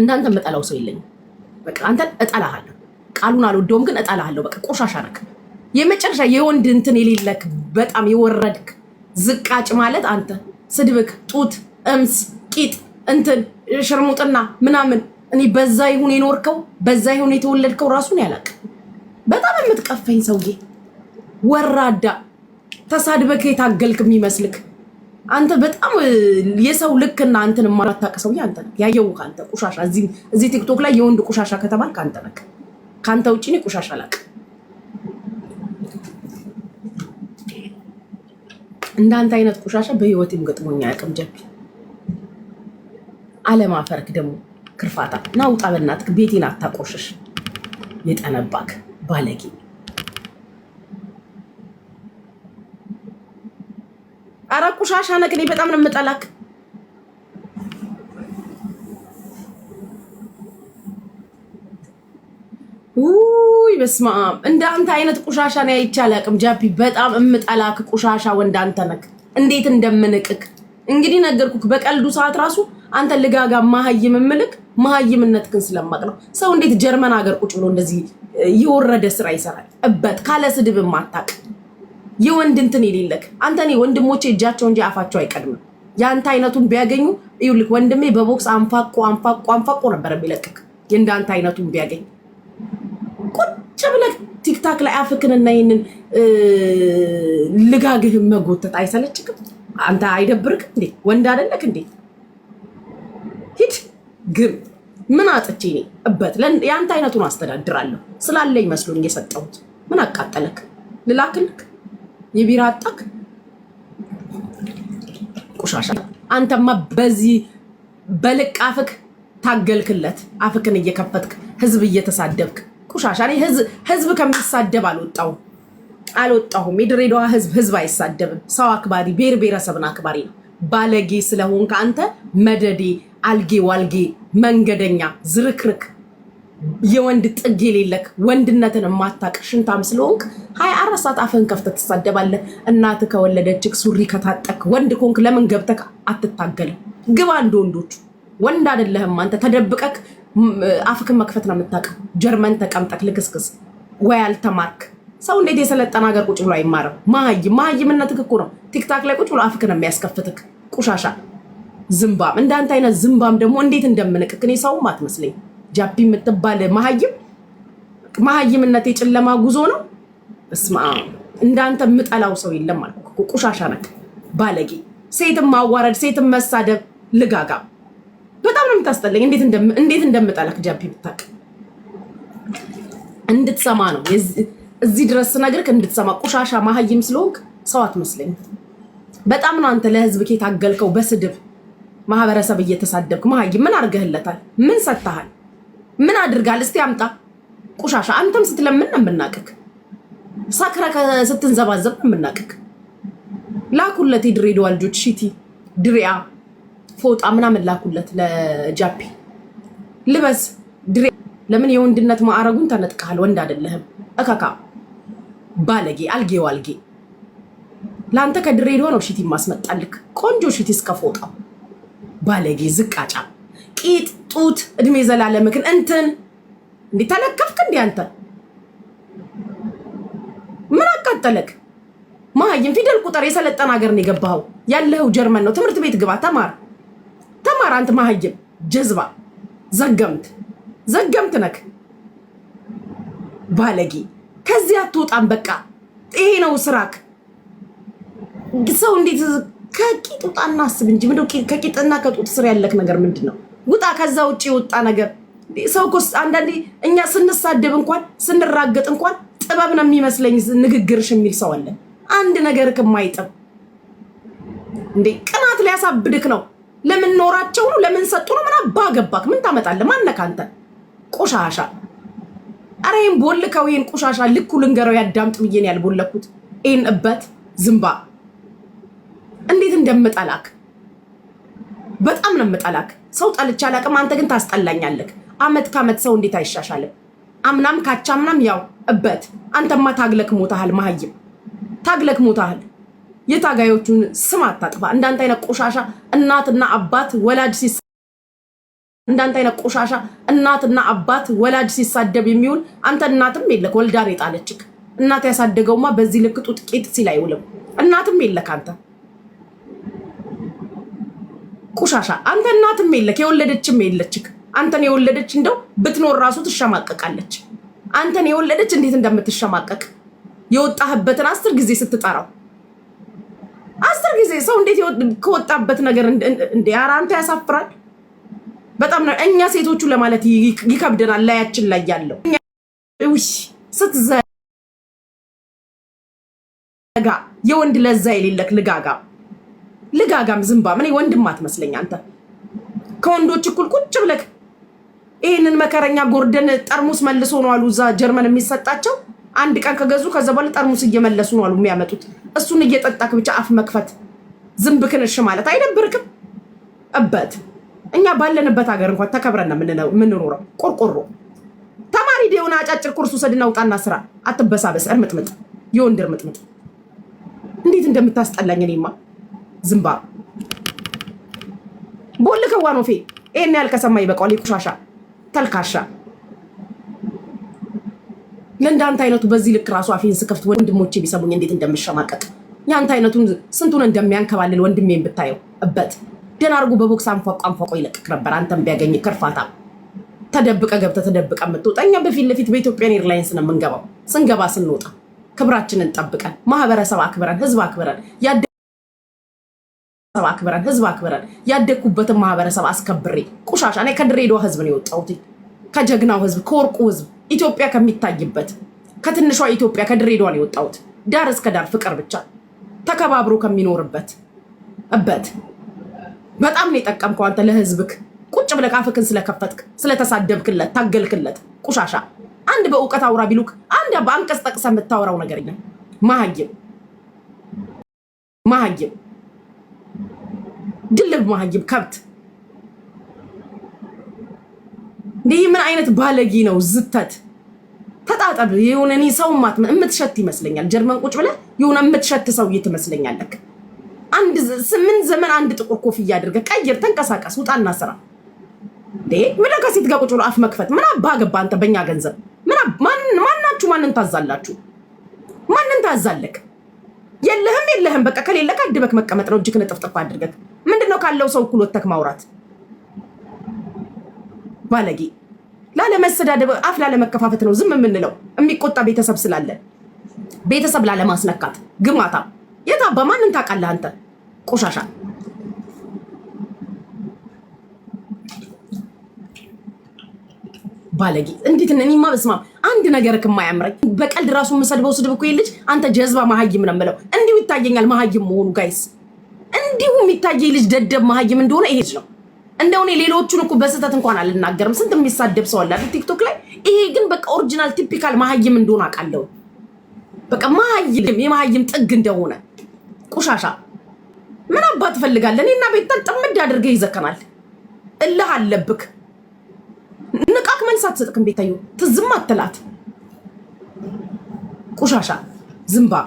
እንዳንተ መጠላው ሰው የለኝም። በቃ አንተን እጠላሃለሁ። ቃሉን አልወደውም ግን እጠላሃለሁ። በቃ ቆሻሻ ነክ የመጨረሻ የወንድ እንትን የሌለክ በጣም የወረድክ ዝቃጭ ማለት አንተ ስድብክ፣ ጡት፣ እምስ፣ ቂጥ፣ እንትን ሽርሙጥና ምናምን እኔ በዛ ይሁን የኖርከው በዛ ይሁን የተወለድከው ራሱን ያላቅ በጣም የምትቀፈኝ ሰውዬ ወራዳ ተሳድበክ የታገልክ የሚመስልክ አንተ በጣም የሰው ልክና አንተን የማታውቅ ሰውዬ አንተ ነህ። ያየው አንተ ቆሻሻ፣ እዚህ ቲክቶክ ላይ የወንድ ቆሻሻ ከተባል አንተ ነክ ከአንተ ውጭ እኔ ቆሻሻ አላውቅም። እንዳንተ አይነት ቆሻሻ በህይወቴም ገጥሞኝ አያውቅም። አለም አፈርክ ደግሞ ክርፋታ ናውጣ፣ በእናትህ ቤቴን አታቆሽሽ። የጠነባክ ባለጌ አረ ቁሻሻ ነህ። እኔ በጣም ነው የምጠላክ። ውይ በስመ አብ! እንዳንተ አይነት ቆሻሻ ነው አይቻል አቅም ጃፒ፣ በጣም እምጠላክ ቆሻሻ ወንድ አንተ ነክ። እንዴት እንደምንቅክ እንግዲህ ነገርኩክ። በቀልዱ ሰዓት ራሱ አንተ ልጋጋ መሀይም እምልክ መሀይምነትክን ስለማቅ ነው። ሰው እንዴት ጀርመን ሀገር ቁጭ ብሎ እንደዚህ የወረደ ስራ ይሰራል? እበት ካለ ስድብ ማታቅ የወንድ እንትን የሌለክ አንተ እኔ ወንድሞቼ እጃቸው እንጂ አፋቸው አይቀድምም። የአንተ አይነቱን ቢያገኙ ይኸውልህ ወንድሜ በቦክስ አንፋቆ አንፋቆ አንፋቆ ነበር የሚለቅክ። አንተ አይነቱን ቢያገኝ ቁጭ ብለህ ቲክታክ ላይ አፍክንና ይህንን ልጋግህን መጎተት አይሰለችክም? አንተ አይደብርክ እንዴ? ወንድ አደለክ እንዴ? ሂድ ግን ምን አጥቼ እኔ እበት የአንተ አይነቱን አስተዳድራለሁ ስላለኝ መስሎኝ የሰጠሁት ምን አቃጠለክ? ልላክልክ የቢራ አጣክ ቆሻሻ። አንተማ በዚህ በልቅ አፍክ ታገልክለት። አፍክን እየከፈትክ ህዝብ እየተሳደብክ ቆሻሻ። ህዝብ ከሚሳደብ አልወጣው አልወጣሁም። የድሬዳዋ ህዝብ ህዝብ አይሳደብም። ሰው አክባሪ፣ ብሔር ብሔረሰብን አክባሪ ነው። ባለጌ ስለሆንክ አንተ መደዴ፣ አልጌ፣ ዋልጌ፣ መንገደኛ፣ ዝርክርክ የወንድ ጥግ የሌለክ ወንድነትን የማታቅ ሽንታም ስለሆንክ ሀያ አራት ሰዓት አፍህን ከፍተህ ትሳደባለህ። እናት ከወለደችክ ሱሪ ከታጠክ ወንድ ኮንክ ለምን ገብተክ አትታገልም? ግባ እንደ ወንዶቹ። ወንድ አይደለህም አንተ። ተደብቀክ አፍክን መክፈት ነው የምታውቀው። ጀርመን ተቀምጠክ ልክስክስ ወይ አልተማርክ ሰው እንዴት የሰለጠነ ሀገር ቁጭ ብሎ አይማርም? ማይ መሀይምነትክ እኮ ነው ቲክታክ ላይ ቁጭ ብሎ አፍክን የሚያስከፍትክ ቁሻሻ ዝምባም። እንዳንተ አይነት ዝምባም ደግሞ እንዴት እንደምንቅክ እኔ ሰውም አትመስለኝ ጃፒ የምትባል መሀይም መሀይምነት የጨለማ ጉዞ ነው። እስማ እንዳንተ የምጠላው ሰው የለም አልኩ። ቁሻሻ ነክ ባለጌ፣ ሴትን ማዋረድ፣ ሴትን መሳደብ፣ ልጋጋ በጣም ነው የምታስጠለኝ። እንዴት እንደምጠላክ ጃፒ ብታቅ እንድትሰማ ነው እዚህ ድረስ ስነግርክ እንድትሰማ። ቆሻሻ መሀይም ስለሆንክ ሰው አትመስለኝ። በጣም ነው አንተ ለህዝብ ከታገልከው በስድብ ማህበረሰብ እየተሳደብክ መሀይም ምን አድርገህለታል? ምን ሰጥተሃል? ምን አድርጋል? እስቲ አምጣ ቁሻሻ አንተም ስትለምን ነው የምናቅክ፣ ሳክራ ስትንዘባዘብ ነው የምናቅክ። ላኩለት የድሬዳዋ ልጆች ሺቲ ድሪያ ፎጣ ምናምን ላኩለት ለጃፒ ልበስ ድሬ። ለምን የወንድነት ማዕረጉን ተነጥቀሃል? ወንድ አይደለህም። እካካ ባለጌ፣ አልጌ ዋልጌ። ለአንተ ከድሬዳዋ ነው ሽቲ ማስመጣልክ። ቆንጆ ሺቲ እስከ ፎጣው ባለጌ ዝቃጫ ቂጥ ጡት እድሜ ዘላለምክን እንትን እንዴ ተለከፍክ እንዴ አንተ ምን አቃጠለክ? መሀይም ፊደል ቁጠር። የሰለጠነ ሀገር ነው የገባኸው። ያለኸው ጀርመን ነው። ትምህርት ቤት ግባ፣ ተማር፣ ተማር። አንተ መሀይም ጀዝባ፣ ዘገምት፣ ዘገምት ነክ ባለጌ። ከዚህ አትወጣም። በቃ ይሄ ነው ስራክ። ሰው እንዴት ከቂጥ ውጣና አስብ እንጂ ምንድን ከቂጥና ከጡት ስር ያለክ ነገር ምንድን ነው? ውጣ፣ ከዛ ውጭ የወጣ ነገር ሰው እኮ አንዳንዴ እኛ ስንሳደብ እንኳን ስንራገጥ እንኳን ጥበብ ነው የሚመስለኝ ንግግርሽ የሚል ሰው አለ። አንድ ነገር ከማይጥም እንዴ ቅናት ሊያሳብድክ ነው። ለምን ኖራቸው ነው? ለምን ሰጡ ነው? ምን አባ ምን ታመጣለህ? ማነህ አንተ? ቆሻሻ አረ ይህን ቦልከው፣ ይህን ቆሻሻ ልኩ ልንገረው ያዳምጥ ብዬን ያልቦለኩት ይህን እበት ዝምባ እንዴት እንደምጠላክ በጣም ነው የምጠላክ። ሰው ጠልቼ አላቅም። አንተ ግን ታስጠላኛለክ። አመት ከአመት ሰው እንዴት አይሻሻልም? አምናም ካቻምናም ያው እበት። አንተማ ታግለክ ሞታሃል። መሀይም ታግለክ ሞታሃል። የታጋዮቹን ስም አታጥፋ። እንዳንተ አይነት ቆሻሻ እናትና አባት ወላጅ ሲሳ እንዳንተ አይነት ቆሻሻ እናትና አባት ወላጅ ሲሳደብ የሚውል አንተ እናትም የለክ። ወልዳር የጣለችክ እናት ያሳደገውማ በዚህ ልክ ጡጥቂጥ ሲል አይውልም። እናትም የለክ አንተ ቆሻሻ አንተ እናትም የለክ የወለደችም የለችክ። አንተን የወለደች እንደው ብትኖር ራሱ ትሸማቀቃለች። አንተን የወለደች እንዴት እንደምትሸማቀቅ የወጣህበትን አስር ጊዜ ስትጠራው አስር ጊዜ ሰው እንዴት ከወጣበት ነገር እንዴ! ኧረ አንተ ያሳፍራል። በጣም ነው እኛ ሴቶቹ ለማለት ይከብደናል። ላያችን ላይ ያለው ስትዘጋ የወንድ ለዛ የሌለክ ልጋጋ ልጋጋም ዝምባ ምን ወንድም አትመስለኝ አንተ። ከወንዶች እኩል ቁጭ ብለክ ይህንን መከረኛ ጎርደን ጠርሙስ መልሶ ነው አሉ እዛ ጀርመን የሚሰጣቸው አንድ ቀን ከገዙ ከዛ በኋላ ጠርሙስ እየመለሱ ነው አሉ የሚያመጡት። እሱን እየጠጣክ ብቻ አፍ መክፈት ዝንብክን እሺ ማለት አይደብርክም? እበት እኛ ባለንበት ሀገር እንኳን ተከብረን የምንኖረው ቆርቆሮ ተማሪ የሆነ አጫጭር ኮርስ ውሰድና ውጣና ስራ አትበሳበስ። እርምጥምጥ የወንድ እርምጥምጥ እንዴት እንደምታስጠላኝ እኔማ ዝምባብ ቦል ከዋ ነው ፌ ይሄን ያህል ከሰማ ይበቃዋል። የቆሻሻ ተልካሻ ለእንዳንተ አይነቱ በዚህ ልክ ራሱ አፌን ስከፍት ወንድሞቼ ቢሰሙኝ እንዴት እንደምሸማቀቅ የአንተ አይነቱን ስንቱን እንደሚያንከባልል ወንድሜን ብታየው እበት ደን አድርጎ በቦክስ አንፏቅ አንፏቆ ይለቅቅ ነበር። አንተም ቢያገኝ ከርፋታ ተደብቀ ገብተ ተደብቀ የምትወጣ እኛ በፊት ለፊት በኢትዮጵያን ኤርላይንስ ነው የምንገባው። ስንገባ ስንወጣ ክብራችንን ጠብቀን ማህበረሰብ አክብረን ህዝብ አክብረን ማህበረሰብ አክብረን ህዝብ አክብረን ያደግኩበትን ማህበረሰብ አስከብሬ ቁሻሻ እኔ ከድሬዳዋ ህዝብ ነው የወጣሁት። ከጀግናው ህዝብ፣ ከወርቁ ህዝብ፣ ኢትዮጵያ ከሚታይበት ከትንሿ ኢትዮጵያ ከድሬዳዋ ነው የወጣሁት። ዳር እስከ ዳር ፍቅር ብቻ ተከባብሮ ከሚኖርበት እበት በጣም ነው የጠቀምከው አንተ ለህዝብክ ቁጭ ብለህ አፍክን ስለከፈትክ ስለተሳደብክለት ታገልክለት ቁሻሻ አንድ በእውቀት አውራ ቢሉክ አንድ በአንቀጽ ጠቅሰ የምታወራው ነገር የለም። መሀይም መሀይም ድልብ መሀይም ከብት ይህ ምን አይነት ባለጊ ነው? ዝተት ተጣጠብ። የሆነ እኔ ሰው የምትሸት ይመስለኛል። ጀርመን ቁጭ ብለ የሆነ የምትሸት ሰውዬ ትመስለኛለክ አንድ ስምንት ዘመን አንድ ጥቁር ኮፍያ አድርገ ቀይር፣ ተንቀሳቀስ፣ ውጣና ስራ። ምን ከሴት ጋር ቁጭ ብሎ አፍ መክፈት ምን አባ ገባ አንተ። በእኛ ገንዘብ ማናችሁ ማንን ታዛላችሁ? ማንን ታዛለክ? የለህም የለህም። በቃ ከሌለ ከድበክ መቀመጥ ነው። እጅግ ንጥፍጥፍ አድርገት? ካለው ሰው እኩል ወተክ ማውራት ባለጌ ላለመሰዳደብ አፍ ላለመከፋፈት ነው ዝም የምንለው የሚቆጣ ቤተሰብ ስላለ ቤተሰብ ላለማስነካት ግማታ የታባ ማንን ታውቃለህ አንተ ቆሻሻ ባለጌ እንዴት እኔማ በስመ አብ አንድ ነገር ከማያምረኝ በቀልድ ራሱ የምሰድበው ስድብ እኮ የልጅ አንተ ጀዝባ መሀይም ነው የምለው እንዲሁ ይታየኛል መሀይም መሆኑ ጋይስ እንዲሁ የሚታየ ልጅ ደደብ መሀይም እንደሆነ ይሄ ልጅ ነው። እንደው እኔ ሌሎቹን እኮ በስህተት እንኳን አልናገርም። ስንት የሚሳደብ ሰው አለ ቲክቶክ ላይ። ይሄ ግን በቃ ኦሪጂናል ቲፒካል መሀይም እንደሆነ አውቃለሁ። በቃ መሀይም የመሀይም ጥግ እንደሆነ ቁሻሻ። ምን አባት ትፈልጋለን? እኔና ቤታን ጥምድ አድርገህ ይዘከናል። እልህ አለብክ። ንቃክ። መልስ አትሰጥክም። ቤታዩ ትዝም አትላት። ቁሻሻ ዝምባ